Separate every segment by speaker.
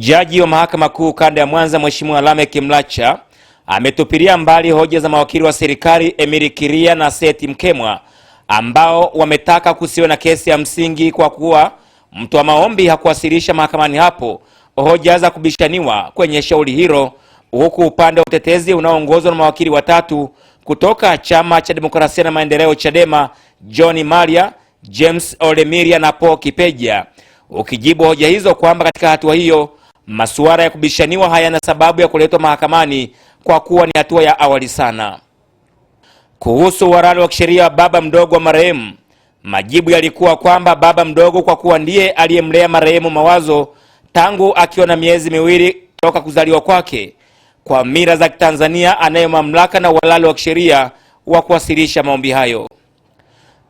Speaker 1: Jaji wa Mahakama Kuu Kanda ya Mwanza Mheshimiwa Lameck Mlacha ametupilia mbali hoja za mawakili wa serikali Emiri Kiria na Seth Mkemwa ambao wametaka kusiwe na kesi ya msingi kwa kuwa mtoa maombi hakuwasilisha mahakamani hapo hoja za kubishaniwa kwenye shauri hilo, huku upande wa utetezi unaoongozwa na mawakili watatu kutoka Chama cha Demokrasia na Maendeleo CHADEMA, John maria James Olemiria na Paul Kipeja ukijibu hoja hizo kwamba katika hatua hiyo Masuala ya kubishaniwa hayana sababu ya kuletwa mahakamani kwa kuwa ni hatua ya awali sana. Kuhusu uhalali wa kisheria wa baba mdogo wa marehemu, majibu yalikuwa kwamba baba mdogo, kwa kuwa ndiye aliyemlea marehemu Mawazo tangu akiwa na miezi miwili toka kuzaliwa kwake, kwa mila za Kitanzania anayo mamlaka na uhalali wa kisheria wa kuwasilisha maombi hayo.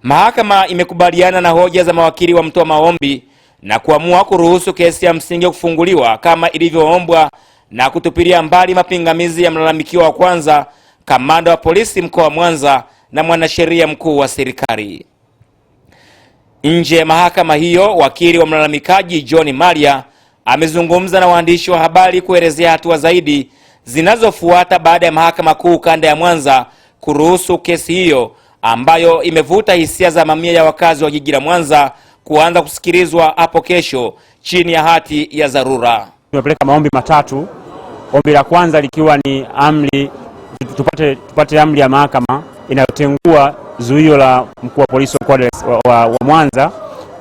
Speaker 1: Mahakama imekubaliana na hoja za mawakili wa mtoa maombi na kuamua kuruhusu kesi ya msingi kufunguliwa kama ilivyoombwa na kutupilia mbali mapingamizi ya mlalamikiwa wa kwanza, kamanda wa polisi mkoa wa Mwanza na mwanasheria mkuu wa serikali. Nje ya mahakama hiyo, wakili wa mlalamikaji John maria amezungumza na waandishi wa habari kuelezea hatua zaidi zinazofuata baada ya mahakama kuu kanda ya Mwanza kuruhusu kesi hiyo ambayo imevuta hisia za mamia ya wakazi wa jiji la Mwanza kuanza kusikilizwa hapo kesho chini ya hati ya dharura.
Speaker 2: Tumepeleka maombi matatu, ombi la kwanza likiwa ni amri tupate, tupate amri ya mahakama inayotengua zuio la mkuu wa polisi wa, wa, wa Mwanza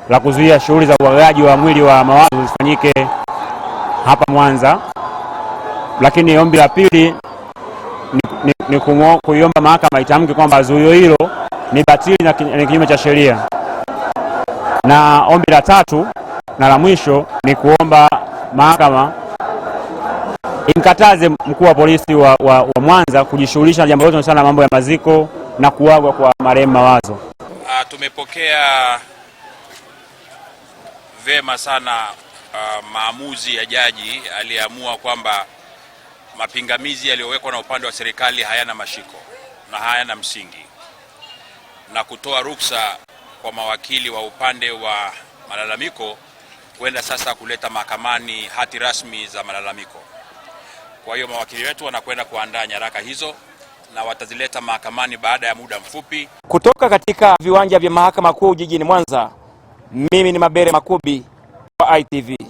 Speaker 2: la kuzuia shughuli za uagaji wa mwili wa mawazo zifanyike hapa Mwanza, lakini ombi la pili ni, ni, ni kuiomba mahakama itamke kwamba zuio hilo ni batili na kinyume cha sheria. Na ombi la tatu na la mwisho ni kuomba mahakama imkataze mkuu wa polisi wa, wa, wa Mwanza kujishughulisha na jambo lote sana na mambo ya maziko na kuagwa kwa marehemu Mawazo.
Speaker 3: A, ah, tumepokea vema sana a, ah, maamuzi ya jaji aliyeamua kwamba mapingamizi yaliyowekwa na upande wa serikali hayana mashiko na hayana msingi na kutoa ruksa kwa mawakili wa upande wa malalamiko kwenda sasa kuleta mahakamani hati rasmi za malalamiko. Kwa hiyo mawakili wetu wanakwenda kuandaa nyaraka hizo na watazileta mahakamani baada ya muda mfupi.
Speaker 4: Kutoka katika viwanja vya mahakama kuu jijini Mwanza, mimi ni Mabere Makubi wa ITV.